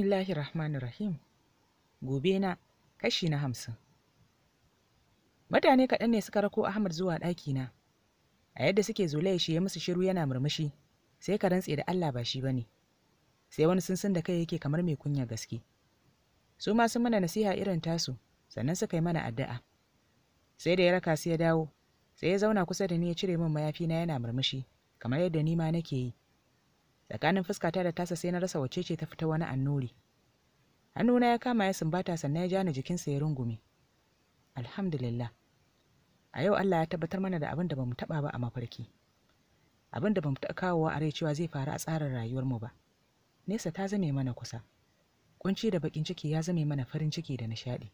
Bismillahir Rahmanir Rahim. Gobe na kashi na hamsin. Mutane kaɗan ne suka rako Ahmad zuwa ɗakina. A yadda suke zulai shi ya musu shiru yana murmushi, sai ka rantse da Allah ba shi ba ne. Sai wani sunsun da kai yake kamar mai kunya gaske. Su ma sun mana nasiha irin tasu, sannan suka yi mana addu'a. Sai da ya raka su ya dawo, sai ya zauna kusa da ni ya cire min mayafi na yana murmushi, kamar yadda ni ma nake yi. tsakanin fuskata da tasa sai na rasa wacece ce ta fita wani annuri hannuna ya kama ya sumbata sannan ya ja ni jikinsa ya rungume alhamdulillah a yau Allah ya tabbatar mana da abin da bamu taba ba a mafarki abin da bamu taba kawowa a rai cewa zai faru a tsarin rayuwarmu ba nesa ta zame mana kusa kunci da bakin ciki ya zame mana farin ciki da nishaɗi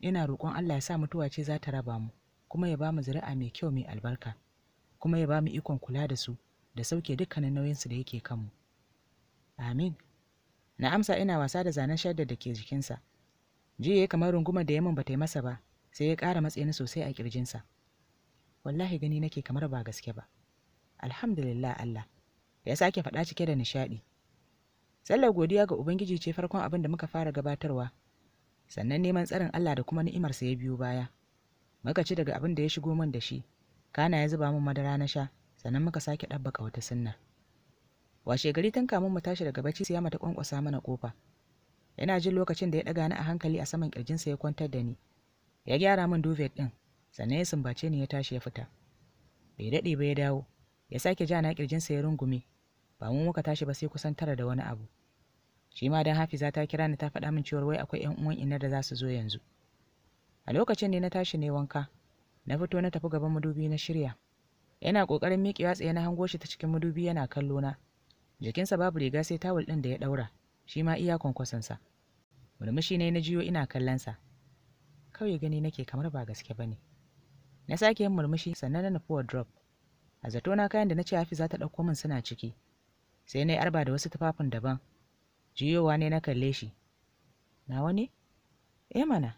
ina roƙon Allah ya sa mutuwa ce za ta raba mu kuma ya ba mu zuri'a mai kyau mai albarka kuma ya ba mu ikon kula da su da sauke dukkanin nauyinsu da yake kanmu. Amin. Na amsa ina wasa da zanen shaddar da ke jikinsa. Jiya ya kamar runguma da yamin ba ta yi masa ba, sai ya ƙara matsayi sosai a ƙirjinsa. Wallahi gani nake kamar ba gaske ba. Alhamdulillah Allah. Ya sake faɗa cike da nishaɗi. Sallar godiya ga Ubangiji ce farkon abin da muka fara gabatarwa. Sannan neman tsarin Allah da kuma ni'imarsa ya biyo baya. Muka ci daga abin da ya shigo min da shi. Kana ya zuba min madara na sha. sannan muka sake ɗabbaka wata sunna washe gari tun kamun mu tashi daga bacci sai mata kwankwasa mana kofa yana jin lokacin da ya ɗaga ni a hankali a saman kirjinsa ya kwantar da ni ya gyara min duvet ɗin sannan ya sumbace ni ya tashi ya fita bai daɗe ba ya dawo ya sake ja na ƙirjinsa ya rungume ba mu muka tashi ba sai kusan tara da wani abu shi ma dan hafiza ta kira ni ta faɗa min cewa wai akwai ƴan uwan inar da za su zo yanzu a lokacin ne na tashi ne wanka na fito na tafi gaban madubi na shirya yana kokarin miƙewa tsaye na hango shi ta cikin madubi yana kallo na jikinsa babu riga sai tawul ɗin da ya ɗaura shi ma iya kwankwason sa murmushi ne na jiyo ina kallon kallonsa kawai gani nake kamar ba gaske ba ne na sake yin murmushi sannan na nufi drop. a zato, na kayan da na ce hafi za ta ɗauko min suna ciki sai na yi arba da wasu tufafin daban jiyowa ne na kalle shi Na wani? eh mana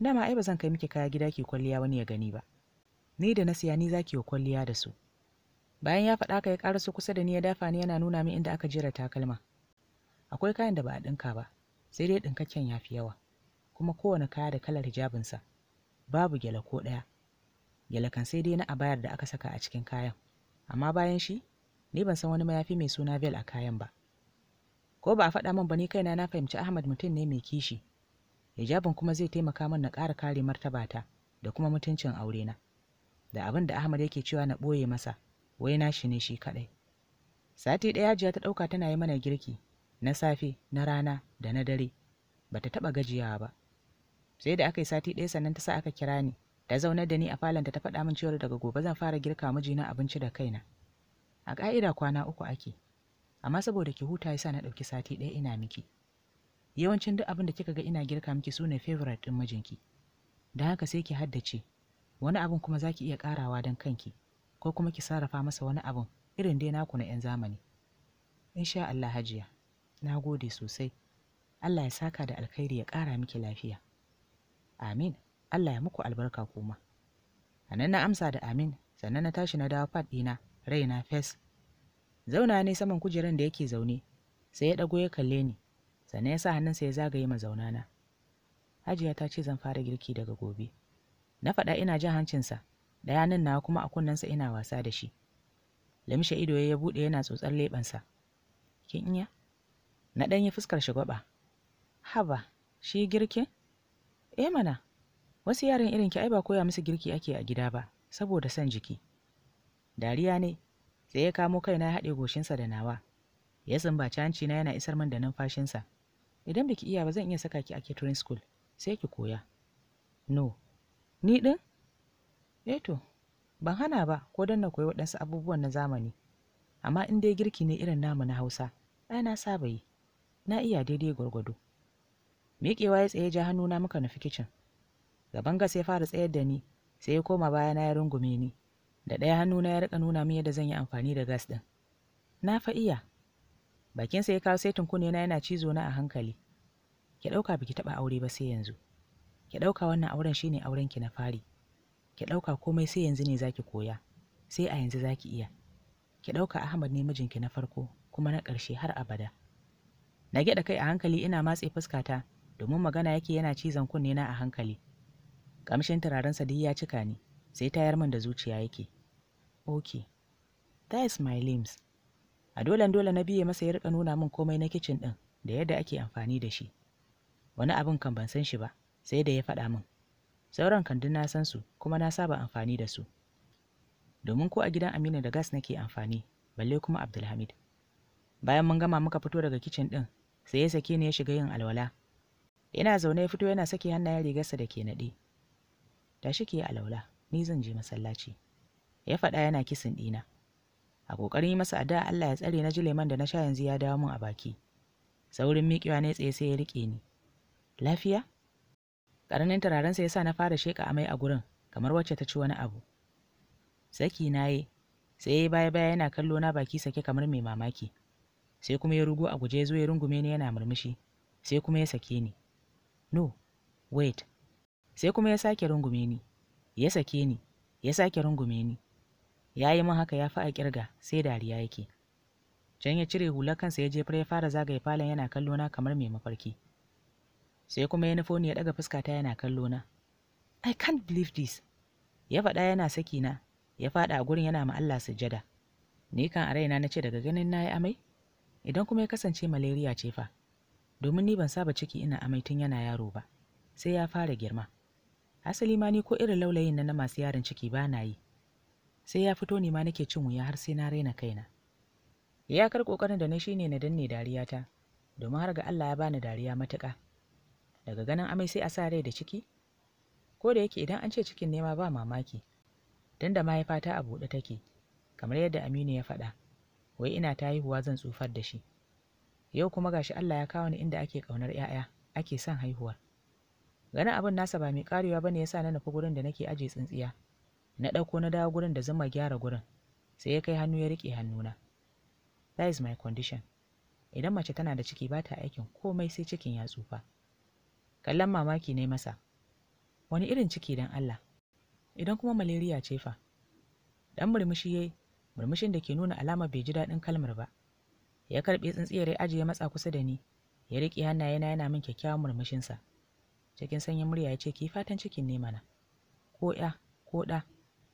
dama ai ba zan kai miki kaya gida ki kwalliya wani ya gani ba ni da na siya ni zaki wa kwalliya da su bayan ya faɗa ka ya ƙara su kusa da ni ya dafa ni yana nuna min inda aka jera takalma akwai kayan da ba a ɗinka ba sai dai ɗinkakken ya fi yawa kuma kowane kaya da kalar hijabinsa babu gyale ko ɗaya gyale kan sai dai na abayar da aka saka a cikin kayan amma bayan shi ni ban san wani mayafi mai suna vel a kayan ba ko ba a faɗa min ba ni kaina na fahimci ahmad mutum ne mai kishi hijabin kuma zai taimaka min na ƙara kare martabata da kuma mutuncin aurena da abin da Ahmad yake cewa na ɓoye masa, wai nashi ne shi kaɗai. Sati ɗaya Hajiya ta ɗauka tana yi mana girki, na safe, na rana, da na dare, ba ta taɓa gajiyawa ba. Sai da aka yi sati ɗaya sannan ta sa aka kira ni, ta zauna da ni a falonta ta faɗa min cewa daga gobe zan fara girka mijina abinci da kaina. A ƙa'ida kwana uku ake, amma saboda ki huta yasa na ɗauki sati ɗaya ina miki. Yawancin duk abin da kika ga ina girka miki su ne favorite ɗin mijinki. Da haka sai ki haddace, wani abin kuma za ki iya ƙarawa don kanki ko kuma ki sarrafa masa wani abin irin dai naku na 'yan zamani insha Allah hajiya na gode sosai Allah ya saka da alkhairi ya kara miki lafiya amin Allah ya muku albarka kuma a na amsa da amin sannan na tashi na dawo fat ɗina raina fes zauna ne saman kujeran da yake zaune sai ya ɗago ya kalle ni sannan ya sa hannunsa ya zagaye na. hajiya ta ce zan fara girki daga gobe Na faɗa ina jin hancinsa, da yanin nawa kuma a kunnensa ina wasa da shi. Lamshe ido ya buɗe yana tsotsar leɓensa. Kin iya? Na ɗan yi fuskar shi gwaɓa Haba, shi girkin? Eh mana, wasu yaran irin ki ai ba koya musu girki ake a gida ba, saboda son jiki. Dariya ne, sai ya kamo kaina ya haɗe goshinsa da nawa. Ya sumbaci hanci na yana isar min da numfashinsa. Idan biki iya ba zan iya saka ki a catering school, sai ki koya. No, Ni ɗin? Eto, eh ban hana ba ko don na koyi waɗansu abubuwan na zamani. Amma in dai girki ne irin namu na Hausa, ai na saba yi. Na iya daidai gwargwado. Miƙewa ya tsaye ja hannuna muka nufi kicin. Gaban gas ya fara tsayar da ni, sai ya koma bayana ya rungume ni. Da ɗaya hannuna ya rika nuna min yadda zan yi amfani da gas ɗin. Na fa iya. Bakinsa ya kawo saitin kunnena yana cizo na a hankali. Ki ɗauka biki taɓa aure ba sai yanzu. ki ɗauka wannan auren shine auren ki na fari ki ɗauka komai sai yanzu ne zaki koya sai a yanzu zaki iya ki ɗauka Ahmad ne mijinki na farko kuma na ƙarshe har abada na gyaɗa kai a hankali ina matse fuskata domin magana yake yana cizon kunne na a hankali kamshin turaren sa ya cika ni sai tayar min da zuciya yake okay that is my limbs a dolen dole na biye masa ya rika nuna min komai na kicin din da yadda ake amfani da shi wani abin kan ban san shi ba sai da ya faɗa min sauran kandun na san su kuma na saba amfani da su domin ko a gidan aminu da gas nake amfani balle kuma abdulhamid bayan mun gama muka fito daga kicin ɗin sai ya sake ni ya shiga yin alwala ina zaune ya fito yana sake hannayen rigarsa da ke naɗe tashi ke alwala ni zan je masallaci ya faɗa yana kisin ɗina a ƙoƙarin yi masa addu'a Allah ya tsare na ji leman da na sha yanzu ya dawo min a baki saurin miƙewa ne tsaye sai ya rike ni lafiya ƙaramin turarensa ya sa na fara sheƙa amai a gurin kamar wacce ta ci wani abu saki na yi sai ya yi baya baya yana kallo na baki sake kamar mai mamaki sai kuma ya rugo a guje zo ya rungume ni yana murmushi sai kuma ya sake ni no wait sai kuma ya sake rungume ni ya sake ni ya sake rungume ni ya yi min haka ya fi a kirga sai dariya yake can ya cire hular kansa ya jefar ya fara zagaye falon yana kallo na kamar mai mafarki sai kuma ya nufo ni ya ɗaga fuskata yana kallo na. I can't believe this. Ya faɗa yana saki na, ya faɗa a gurin yana ma Allah sujjada. Ni kan a raina na ce daga ganin na yi amai? Idan kuma ya kasance malaria ce fa, domin ni ban saba ciki ina amai tun yana yaro ba, sai ya fara girma. Asali ma ni ko irin laulayin na na masu yaron ciki ba na yi. Sai ya fito ne ma nake cin wuya har sai na raina kaina. Iyakar ƙoƙarin da na shine na danne dariya ta domin har ga Allah ya bani dariya matuƙa. daga ganin amai sai a sa rai da ciki ko da yake idan an ce cikin nema ba mamaki don da mahaifa mahaifata a buɗe take kamar yadda aminu ya faɗa wai ina ta haihuwa zan tsufar da shi yau kuma gashi allah ya kawo ni inda ake ƙaunar 'ya'ya ake son haihuwar. ganin abin nasa ba mai karewa bane yasa na nufi gurin da nake aje tsintsiya na ɗauko na dawo gurin da zama gyara gurin sai ya kai hannu ya riƙe hannuna that is my condition idan mace tana da ciki ba ta aikin komai sai cikin ya tsufa kallon mamaki ne masa wani irin ciki don Allah idan kuma malaria ce fa dan murmushi yayi murmushin da ke nuna alama bai ji daɗin kalmar ba ya karɓi tsintsiyar ya ajiye matsa kusa da ni ya riƙe hannayena yana min kyakkyawan murmushinsa cikin sanyin murya ya ce ki fatan cikin ne mana ko ya ko ɗa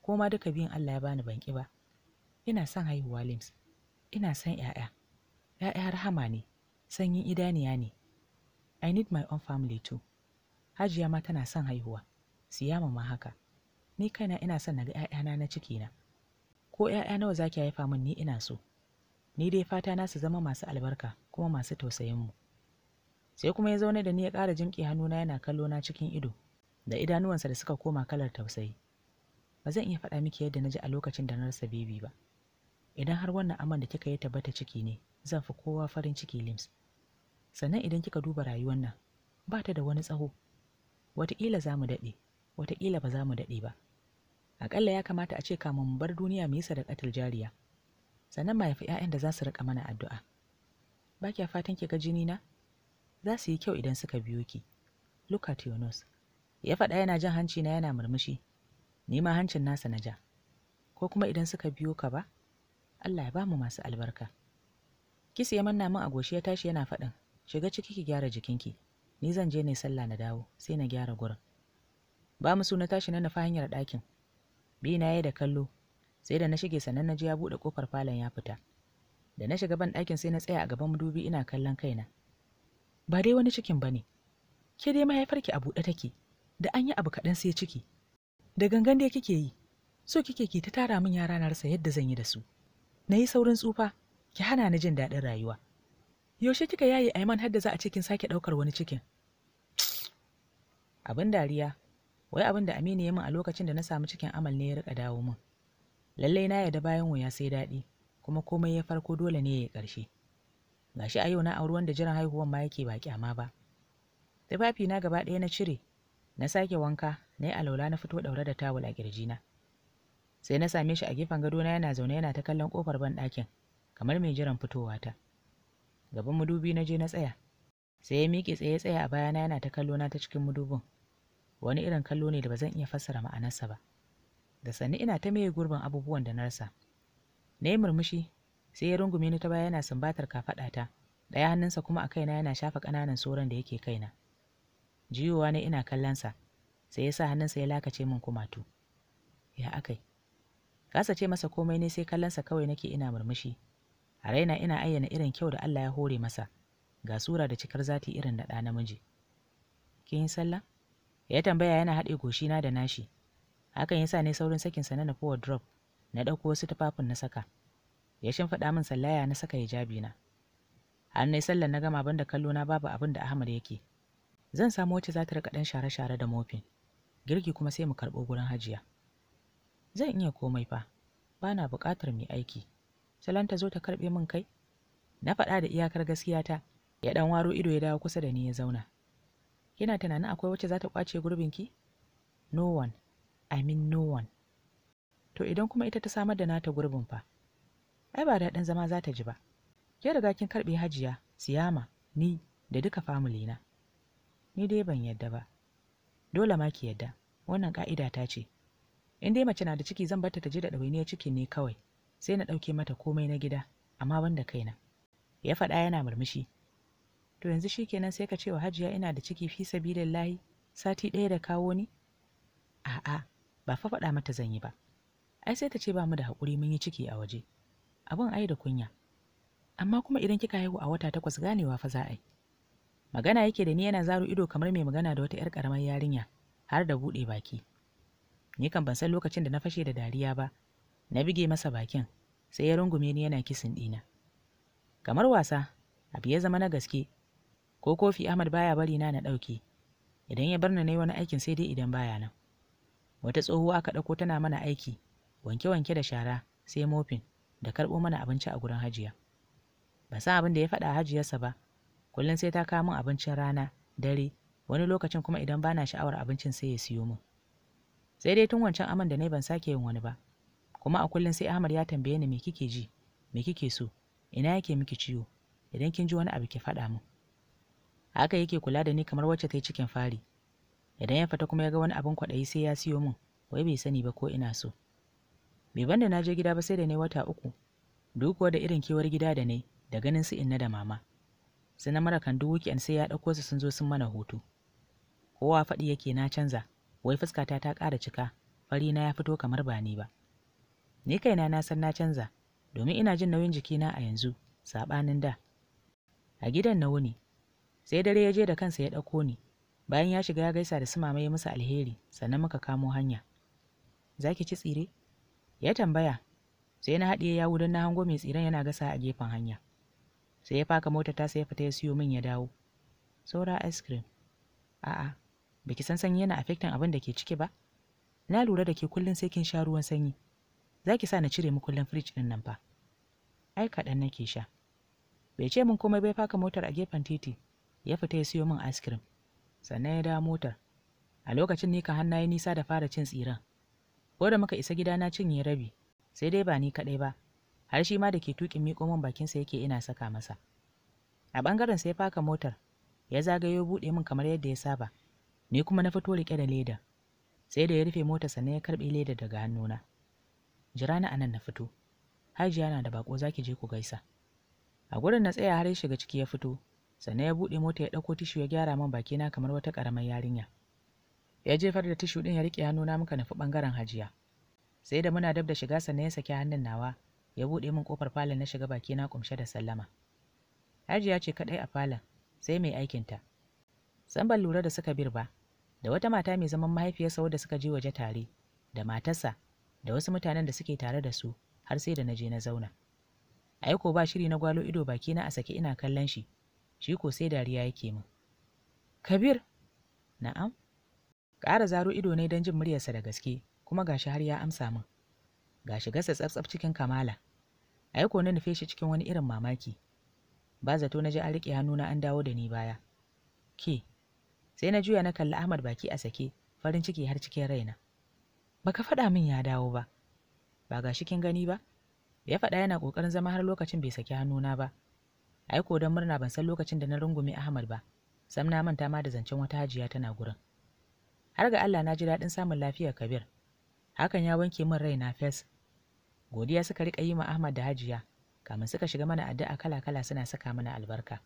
ko ma duka biyun Allah ya bani banki ba ina son haihuwa lims ina son 'ya'ya. 'ya'ya rahama ne sanyin idaniya ne I need my own family too. Hajiya ma tana son haihuwa, Siya ma haka. Ni kaina ina son na ga ‘ya'yana na cikina. Ko ‘ya'ya nawa za haifa min ni ina so. Ni dai fata na su zama masu albarka kuma masu tausayinmu. Sai kuma ya zaune da ni ya ƙara jimƙe hannuna yana kallo na cikin ido, da idanuwansa da suka koma kalar tausayi. Ba zan iya faɗa miki yadda na ji a lokacin da na rasa bebi ba. Idan har wannan aman da kika yi tabbata ciki ne, zan fi kowa farin ciki lims. sannan idan kika duba rayuwar nan ba ta da wani tsaho wataƙila za mu daɗe wataƙila ba za mu daɗe ba aƙalla ya kamata a ce kamun mu bar duniya mu yi sadakatar jariya sannan ma yafi 'ya'yan da za su riƙa mana addu'a ba kya fatan ki ga jini na za su yi kyau idan suka biyo ki look at your ya faɗa yana jan hanci na yana murmushi ni ma hancin nasa na ja ko kuma idan suka biyo ka ba Allah ya ba mu masu albarka kisi ya manna min a goshi ya tashi yana faɗin shiga ciki ki gyara jikinki ni zan je ne sallah na dawo sai na gyara gurin ba mu suna tashi na nufa hanyar ɗakin bi na yayi da kallo sai da na shige sannan na ji ya buɗe ƙofar falon ya fita da na shiga ban ɗakin sai na tsaya a gaban madubi ina kallon kaina ba dai wani cikin ba ne ke dai mahaifar ki a buɗe take da an yi abu kaɗan sai ciki da gangan dai kike yi so kike ki ta tara min yara na rasa yadda zan yi da su na yi saurin tsufa ki hana ni jin daɗin rayuwa yaushe kika yaye aiman har da za a ce sake ɗaukar wani cikin abin dariya wai abin da aminu ya min a lokacin da na samu cikin amal ne ya rika dawo min lallai na yarda bayan wuya sai daɗi kuma komai ya farko dole ne ya yi gashi a yau na auri wanda jiran haihuwan ma yake baki amma ba tufafi na gaba ɗaya na cire na sake wanka na yi alaula na fito ɗaure da tawul a na. sai na same shi a gefen gado na yana zaune yana ta kallon kofar ban ɗakin kamar mai jiran fitowa ta. gaban madubi na je na tsaya sai ya miƙe tsaye tsaye a bayana yana ta kallo na ta cikin madubin wani irin kallo ne da ba zan iya fassara ma'anarsa ba da sanni ina ta maye gurbin abubuwan da na rasa na yi murmushi sai ya rungume ni ta baya yana sumbatar ta, ɗaya hannunsa kuma a kaina yana shafa ƙananan soron da yake kaina jiyowa ne ina kallonsa sai ya sa hannunsa ya lakace min kumatu ya akai kasa ce masa komai ne sai kallonsa kawai nake ina murmushi A raina ina ayyana irin kyau da Allah ya hore masa, ga sura da cikar zati irin na ɗa namiji. Kin yi sallah? Ya tambaya yana haɗe goshina da nashi. Hakan yasa ne saurin sakin sa na nufi drop na ɗauko wasu tufafin na saka. Ya shimfiɗa min sallaya na saka hijabi na. Har na sallar na gama banda kallo na babu abin da Ahmad yake. Zan samu wacce za ta riƙa ɗan share-share da mofin. Girki kuma sai mu karɓo gurin hajiya. Zan iya komai fa, bana buƙatar mai aiki. salon ta zo ta karɓe min kai na faɗa da iyakar gaskiya ta ya ɗan waro ido ya dawo kusa da ni ya zauna kina tunanin akwai wacce za ta ƙwace gurbinki no one i mean no one to idan kuma ita ta samar da nata gurbin fa ai ba daɗin zama za ta ji ba ke riga kin karɓe hajiya siyama ni da duka famili na ni dai ban yadda ba dole ma ki yadda wannan ka'ida ta ce in dai mace na da ciki zan bata ta je da ɗawainiyar cikin ne kawai sai na ɗauke mata komai na gida amma banda kaina ya faɗa yana murmushi to yanzu shi kenan sai ka ce wa hajiya ina da ciki fi sabilillahi sati ɗaya da kawo ni a'a ba fa faɗa mata zan yi ba ai sai ta ce ba mu da haƙuri mun yi ciki a waje Abun ai da kunya amma kuma idan kika haihu a wata takwas ganewa fa za a yi magana yake da ni yana zaro ido kamar mai magana da wata 'yar ƙaramar yarinya har da buɗe baki ni kan ban san lokacin da na fashe da dariya ba Na bige masa bakin, sai ya rungume ni yana kisin ɗina. Kamar wasa, abu ya zama na gaske, ko kofi Ahmad baya bari na na ɗauke, idan ya bar na wani aikin sai dai idan baya nan. Wata tsohuwa aka ɗauko tana mana aiki, wanke-wanke da shara, sai mofin, da karɓo mana abinci a gurin hajiya. Ba san abin da ya faɗa hajiyarsa ba, kullum sai ta kawo min abincin rana, dare, wani lokacin kuma idan bana sha'awar abincin sai ya siyo min. Sai dai tun wancan aman da na ban sake yin wani ba. kuma a kullum sai Ahmad ya tambaye ni me kike ji me kike so ina yake miki ciwo idan kin ji wani abu ki faɗa min haka yake kula da ni kamar wacce ta yi cikin fari idan ya fita kuma ya ga wani abin kwaɗayi sai ya siyo min wai bai sani ba ko ina so bai banda na je gida ba sai da ne wata uku duk da irin kewar gida da ne da ganin su inna da mama sai na mara kan duk sai ya ɗauko su sun zo sun mana hutu kowa faɗi yake na canza wai fuskata ta ƙara cika fari na ya fito kamar ba ni ba ni kaina na san na canza domin ina jin nauyin jikina a yanzu saɓanin da a gidan na wuni sai dare ya je da kansa ya ɗauko ni bayan ya shiga ya gaisa da su ya musu alheri sannan muka kamo hanya za ki ci tsire ya tambaya sai na haɗiye yawu don na hango mai tsiren yana gasa a gefen hanya sai ya faka mota ta sai ya fita ya siyo min ya dawo saura ice cream a'a biki san sanyi yana affecting abin da ke ciki ba na lura da ke kullum sai kin sha ruwan sanyi za ki sa na cire kullum firij ɗin nan fa ai kaɗan nake sha bai ce min komai bai faka motar a gefen titi ya fita ya siyo min ice cream sannan ya dawo motar a lokacin ni ka hanna ya nisa da fara cin tsiran ko da muka isa gida na cinye rabi sai dai ba ni kaɗai ba har shi ma da ke tuƙin miƙo min bakin bakinsa yake ina saka masa a ɓangaren sai faka motar ya zagayo buɗe min kamar yadda ya saba ni kuma na fito riƙe da leda sai da ya rufe motar sannan ya karɓe leda daga hannuna jira ni anan na fito hajiya na da bako zaki je ku gaisa a gurin na tsaya har ya shiga ciki ya fito sannan ya buɗe mota ya ɗauko tishu ya gyara min bakina kamar wata karamar yarinya ya jefar da tishu din ya riƙe na muka nufi ɓangaren hajiya sai da muna dab da shiga sannan ya saki hannun nawa ya buɗe min kofar falon na shiga bakina kumshe da sallama hajiya ce kadai a falon sai mai aikinta san ban lura da suka birba, da wata mata mai zaman mahaifiyarsa wadda suka je waje tare da matarsa da wasu mutanen da suke tare da su har sai da na je na zauna aiko ba shiri na gwalo ido baki na a sake ina kallon shi shi ko sai dariya yake min kabir na'am ƙara zaro ido ne don jin muryarsa da gaske kuma gashi har ya amsa min ga shigarsa tsaf cikin kamala aiko na nufe shi cikin wani irin mamaki ba zato na ji an riƙe hannuna an dawo da ni baya ke sai na juya na kalli ahmad baki a sake farin ciki har cikin raina baka faɗa min ya dawo ba ba ga shi kin gani ba ya faɗa yana ƙoƙarin zama har lokacin bai saki hannuna ba ai ko don murna ban san lokacin da na rungume Ahmad ba sam na manta ma da zancen wata hajiya tana gurin har ga Allah na ji daɗin samun lafiyar Kabir hakan ya wanke min raina fes godiya suka riƙa yi ma Ahmad da hajiya kamin suka shiga mana addu'a kala-kala suna saka mana albarka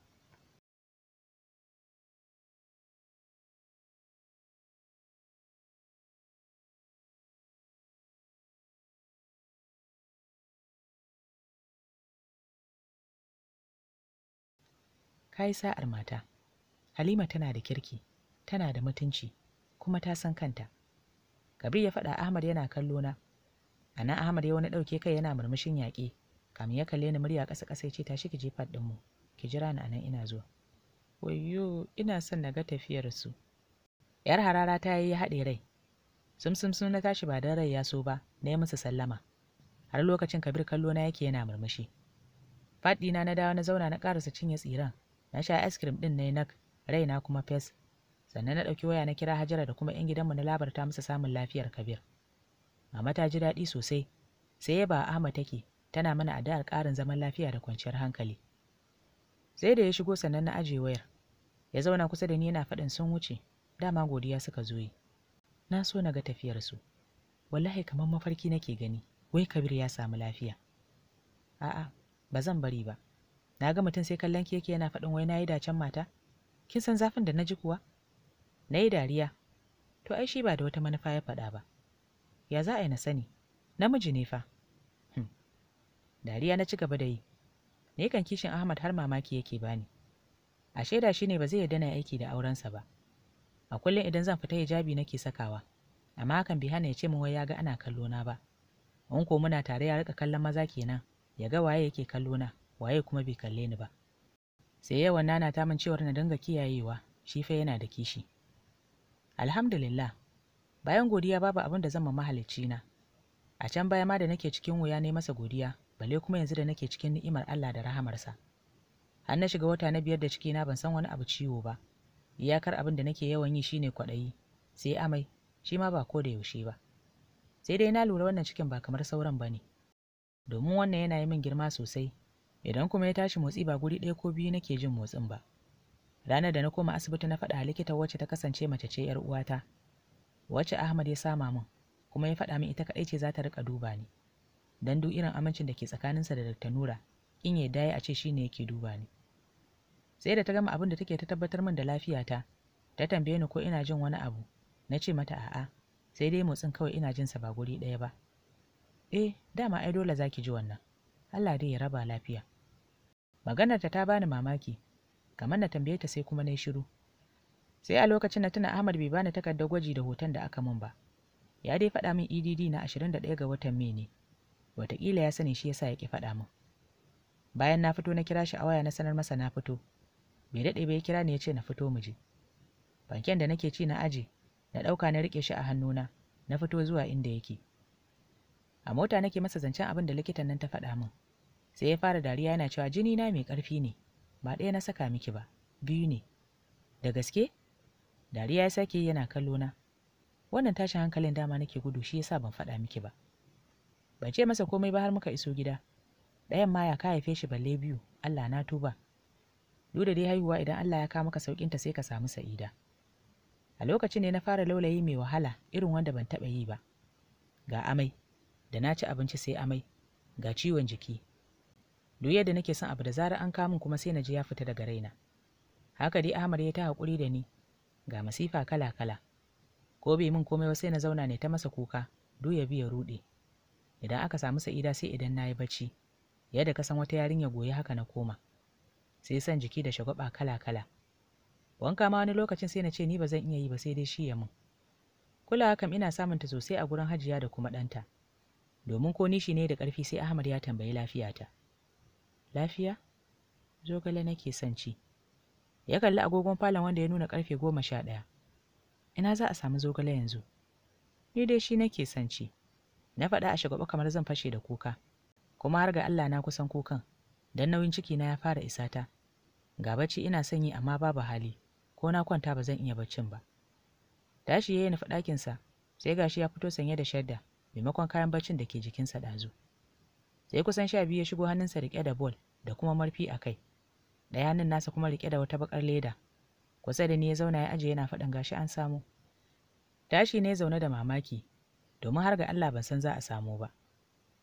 ka yi sa'ar mata halima tana da kirki tana da mutunci kuma ta san kanta kabir ya faɗa ahmad yana kallo na a nan ahmad ya wani ɗauke kai yana murmushin yaƙi kamin ya kalle ni murya ƙasa ƙasa ya ce tashi ki je ɗinmu ki jira ni a nan ina zo. wayyo ina son na ga tafiyar su yar harara ta yi haɗe rai sumsum sun na tashi ba don rai ya so ba na yi musu sallama har lokacin kabir kallo na yake yana murmushi faɗina na dawo na zauna na ƙarasa cinye tsiran na sha ice cream ɗin ne na raina kuma fes sannan na ɗauki waya na kira hajara da kuma 'yan gidanmu na labarta musu samun lafiyar kabir mama ta ji daɗi sosai sai ba ahmad take tana mana addu'ar ƙarin zaman lafiya da kwanciyar hankali sai da ya shigo sannan na ajiye wayar ya zauna kusa da ni yana faɗin sun wuce dama godiya suka zo yi na so na ga tafiyarsu wallahi kamar mafarki nake gani wai kabir ya samu lafiya a'a ba zan bari ba na ga mutum sai kallon ki yake yana faɗin wai na yi dacen mata kin san zafin da na ji kuwa na yi dariya to ai shi ba da wata manufa ya faɗa ba ya za a yi na sani namiji ne fa hmm. dariya na ci gaba da yi ne kan kishin ahmad har mamaki yake bani a shaida shi ne ba zai yarda na aiki da aurensa ba a kullum idan zan fita hijabi nake sakawa amma hakan bai hana ya ce min wai ya ga ana kallona ba in ko muna tare ya rika kallon maza kenan ya ga waye yake kallo na waye kuma bai kalle ni ba sai yawan nana ta min cewar na dinga kiyayewa shi fa yana da kishi alhamdulillah bayan godiya babu abin da zan ma mahalicci na a can baya ma da nake cikin wuya ne masa godiya bale kuma yanzu da nake cikin ni'imar Allah da rahamarsa har na shiga wata na biyar da ciki na ban san wani abu ciwo ba iyakar abin da nake yawan yi shine kwaɗayi sai amai shi ma ba ko da yaushe ba sai dai na lura wannan cikin ba kamar sauran ba ne domin wannan yana yi min girma sosai idan kuma ya tashi motsi ba guri ɗaya ko biyu nake jin motsin ba ranar da na koma asibiti na faɗa likita wacce ta kasance mace ce yar uwata wacce Ahmad ya sama min kuma ya faɗa min ita kaɗai ce za ta riƙa duba ni dan duk irin amincin da ke tsakaninsa da Dr. Nura in ya daya a ce shi ne yake duba ni sai da ta gama abin da take ta tabbatar min da lafiyata ta tambaye ni ko ina jin wani abu na ce mata a'a sai dai motsin kawai ina jinsa ba guri ɗaya ba eh dama ai dole za ki ji wannan Allah dai ya raba lafiya maganarta ta bani mamaki kamar na tambaye ta sai kuma na shiru sai a lokacin na tuna Ahmad bai bani takardar gwaji da hoton da aka mun ba ya dai faɗa min EDD na ashirin da 21 ga watan Mai ne wataƙila ya sani shi yasa ya ki faɗa min bayan na fito na kira shi a waya na sanar masa na fito bai daɗe ba ya kira ni ya ce na fito mu je banken da nake ci na aji na ɗauka na riƙe shi a hannuna na fito zuwa inda yake a mota nake masa zancen abin da likitan nan ta faɗa min sai ya fara dariya yana cewa jini na mai ƙarfi ne ba ɗaya na saka miki ba biyu ne da gaske dariya ya sake yana kallo na wannan tashin hankalin dama nake gudu shi yasa ban faɗa miki ba ban ce masa komai ba har muka iso gida ɗayan ma ya ka haife shi balle biyu Allah na tuba duk da dai haihuwa idan Allah ya kawo maka ta sai ka samu sa'ida a lokacin ne na fara laulayi mai wahala irin wanda ban taɓa yi ba ga amai da na ci abinci sai amai ga ciwon jiki duk yadda nake son abu da zarar an kamun kuma sai na ji ya fita daga raina haka dai ahmar ya ta haƙuri da ni ga masifa kala-kala ko bai min komai sai na zauna ne ta masa kuka duk ya biya ruɗe idan aka samu sa'ida sai idan na yi bacci yadda ka san wata yarinya goyi haka na koma sai san jiki da shagwaba kala-kala wanka ma wani lokacin sai na ce ni ba zan iya yi ba sai dai shi ya mun Kula kam ina samunta sosai a gurin hajiya da kuma ɗanta. domin ko nishi ne da ƙarfi sai Ahmad ya tambayi lafiyata. Lafiya? Zogale nake son ci. Ya kalli agogon falon wanda ya nuna ƙarfe goma sha ɗaya. Ina za a samu zogale yanzu? Ni dai shi nake son ci. Na faɗa a shagwaɓa kamar zan fashe da kuka. Kuma har ga Allah na kusan kukan, don nauyin ciki na ya fara isa ta Ga bacci ina son yi amma babu hali, ko na kwanta ba zan iya baccin ba. Tashi ya yi na ɗakinsa, sai gashi ya fito sanye da shadda, maimakon kayan baccin da ke jikinsa ɗazu sai kusan sha biyu ya shigo hannunsa riƙe da bol da kuma marfi a kai ɗaya hannun nasa kuma riƙe da wata baƙar leda kusa da ni ya zauna ya aje yana faɗin gashi an samu tashi ne zaune da mamaki domin har ga Allah ban san za a samu ba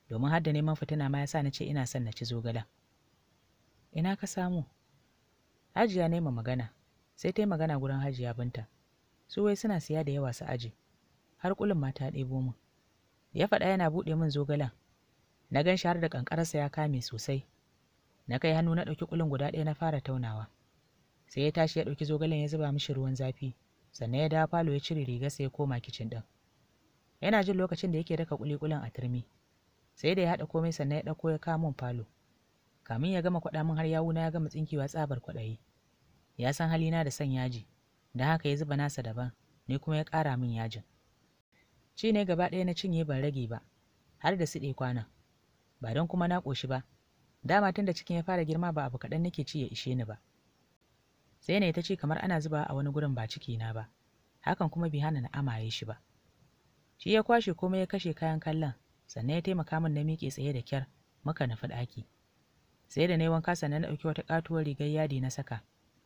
domin har da neman fitina ma ya sa na ce ina son na ci zogala ina ka samu hajiya ne ma magana sai ta yi magana gurin hajiya binta su wai suna siya da yawa su aje har kulin ma ta ɗebo min ya faɗa yana buɗe min zogalen na gan shi har da ƙanƙararsa ya kame sosai na kai hannu na ɗauki ƙulin guda ɗaya na fara taunawa sai ya tashi ya ɗauki zogalen ya zuba mishi ruwan zafi sannan ya dawo falo ya cire riga sai ya koma kicin ɗin yana jin lokacin da yake daka kulikulin a turmi sai da ya haɗa komai sannan ya ɗauko ya kawo falo kamin ya gama kwaɗa min har yawuna ya gama tsinkewa tsabar kwaɗayi ya san halina da son yaji da haka ya zuba nasa daban ne kuma ya ƙara min yajin Ci ne gaba ɗaya na cinye ban rage ba, har da siɗe kwana. Ba don kuma na ƙoshi ba, dama tun da cikin ya fara girma ba abu kaɗan nake ci ya ishe ni ba. Sai na ta ce kamar ana zuba a wani gurin ba ciki na ba, hakan kuma bai hana na amaye shi ba. Shi ya kwashe komai ya kashe kayan kallon, sannan ya taimaka min na miƙe tsaye da kyar, muka nufi ɗaki. Sai da na yi wanka sannan na ɗauki wata ƙatuwar rigar yadi na saka,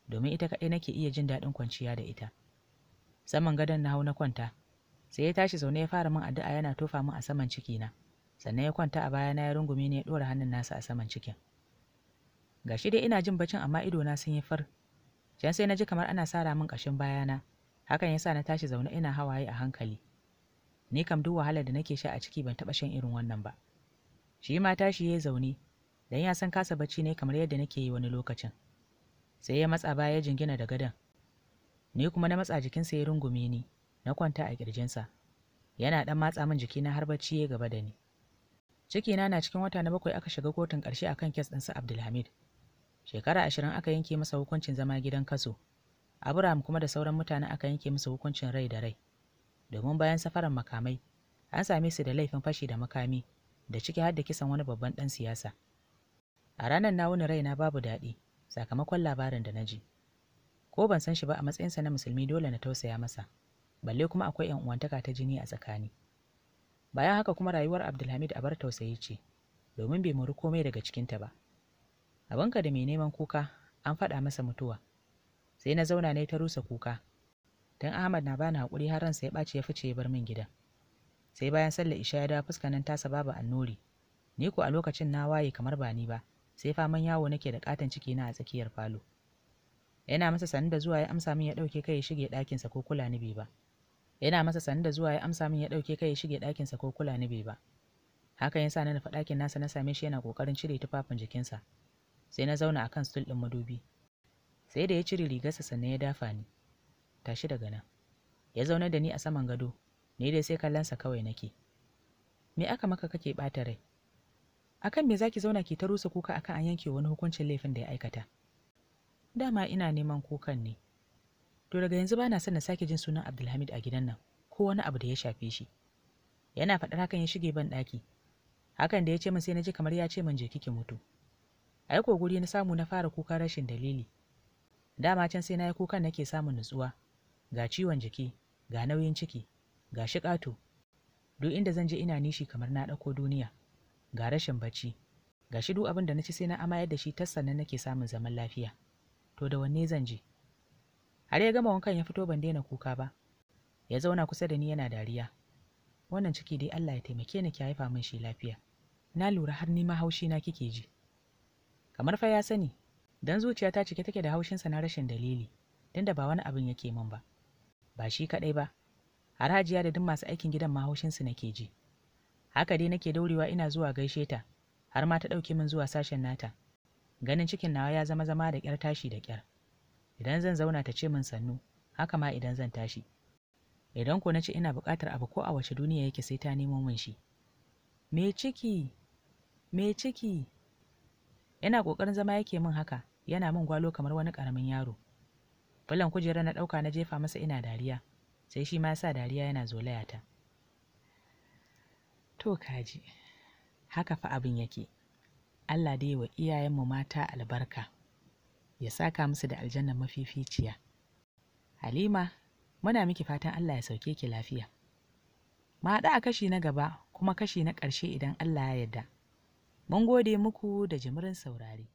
domin ita kaɗai nake iya jin daɗin kwanciya da ita. Saman gadon na hau na kwanta, sai ya tashi zaune ya fara min addu'a yana tofa min a saman cikina sannan ya kwanta a baya na ya rungume ni ya ɗora hannun nasa a saman cikin gashi dai ina jin bacin amma ido na sun yi far can sai na ji kamar ana sara min ƙashin bayana hakan yasa na tashi zaune ina hawaye a hankali ni kam duk wahalar da nake sha a ciki ban taɓa shan irin wannan ba shi ma tashi ya zaune dan ya san kasa bacci ne kamar yadda nake yi wani lokacin sai ya matsa baya ya jingina da gadon ni kuma na matsa jikinsa ya rungume ni na kwanta a ƙirjinsa yana ɗan matsa min jikina har bacci ya gaba da ni cikina na cikin wata na bakwai aka shiga kotun ƙarshe kan kes ɗinsa abdulhamid shekara ashirin aka yanke masa hukuncin zama gidan kaso abraham kuma da sauran mutane aka yanke masa hukuncin rai da rai domin bayan safaran makamai an same su da laifin fashi da makami da ciki har da kisan wani babban ɗan siyasa a ranar na wuni raina babu daɗi sakamakon labarin da na ji ko ban san shi ba a matsayinsa na musulmi dole na tausaya masa balle kuma akwai yan uwantaka ta jini a tsakani bayan haka kuma rayuwar Abdulhamid abar tausayi ce domin bai muri komai daga cikinta ba abinka da mai neman kuka an faɗa masa mutuwa sai na zauna ne ta rusa kuka don Ahmad na bani haƙuri har ransa ya ɓace ya fice ya bar min gidan sai bayan sallar isha ya dawo fuskanin tasa babu annori ni ko a lokacin na waye kamar ba ni ba sai faman yawo nake da ƙaton ciki na a tsakiyar falo yana masa sani da zuwa ya amsa min ya ɗauke kai ya shige ɗakinsa ko kula ni bi ba yana masa sani da zuwa ya amsa min ya ɗauke kai ya shige ɗakinsa ko kula ni bai ba Haka ya sa na nufa ɗakin nasa na same shi yana ƙoƙarin cire tufafin jikin sa sai na zauna akan stool ɗin madubi sai da ya cire rigarsa sannan ya dafa ni tashi daga nan ya zauna da ni a saman gado ni dai sai kallon sa kawai nake me aka maka kake ɓata rai akan me zaki zauna ki ta rusa kuka akan an yanke wani hukuncin laifin da ya aikata dama ina neman kukan ne to daga yanzu bana son na sake jin sunan Abdulhamid a gidan nan ko wani abu da ya shafe shi yana faɗar hakan ya shige ban ɗaki hakan da ya ce min sai na ji kamar ya ce min je kike mutu ai ko guri na samu na fara kuka rashin dalili dama can sai na yi kukan nake samun nutsuwa ga ciwon jiki ga nauyin ciki ga shiƙato duk inda zan je ina nishi kamar na ɗauko duniya ga rashin bacci ga shi duk abin da na ci sai na amayar da shi tassan nan nake samun zaman lafiya to da wanne zan je Har ya gama wankan ya fito ban daina kuka ba. Ya zauna kusa da ni yana dariya. Wannan ciki dai Allah ya taimake ni ki haifa min shi lafiya. Na lura har ni ma haushi na kike ji. Kamar fa ya sani, dan zuciya ta cike take da sa na rashin dalili, dan da ba wani abin yake min ba. Ba shi kaɗai ba, har hajiya da duk masu aikin gidan ma su nake ji. Haka dai nake daurewa ina zuwa gaishe ta, har ma ta ɗauke min zuwa sashen nata. Ganin cikin nawa ya zama zama da kyar tashi da kyar. idan zan zauna ta ce min sannu haka ma idan zan tashi idan ko na ce ina buƙatar abu ko a wace duniya yake sai ta nemo min shi me ciki me ciki yana ƙoƙarin zama yake min haka yana min gwalo kamar wani ƙaramin yaro bulan kujera na ɗauka na jefa masa ina dariya sai shi ma sa dariya yana zolaya ta to kaji haka fa abin yake Allah dai wa iyayenmu mata albarka ya saka musu da aljanna mafificiya. Halima, muna miki fatan Allah ya sauke ki lafiya. Ma haɗu a kashi na gaba kuma kashi na ƙarshe idan Allah ya yarda. Mun gode muku da jimirin saurari.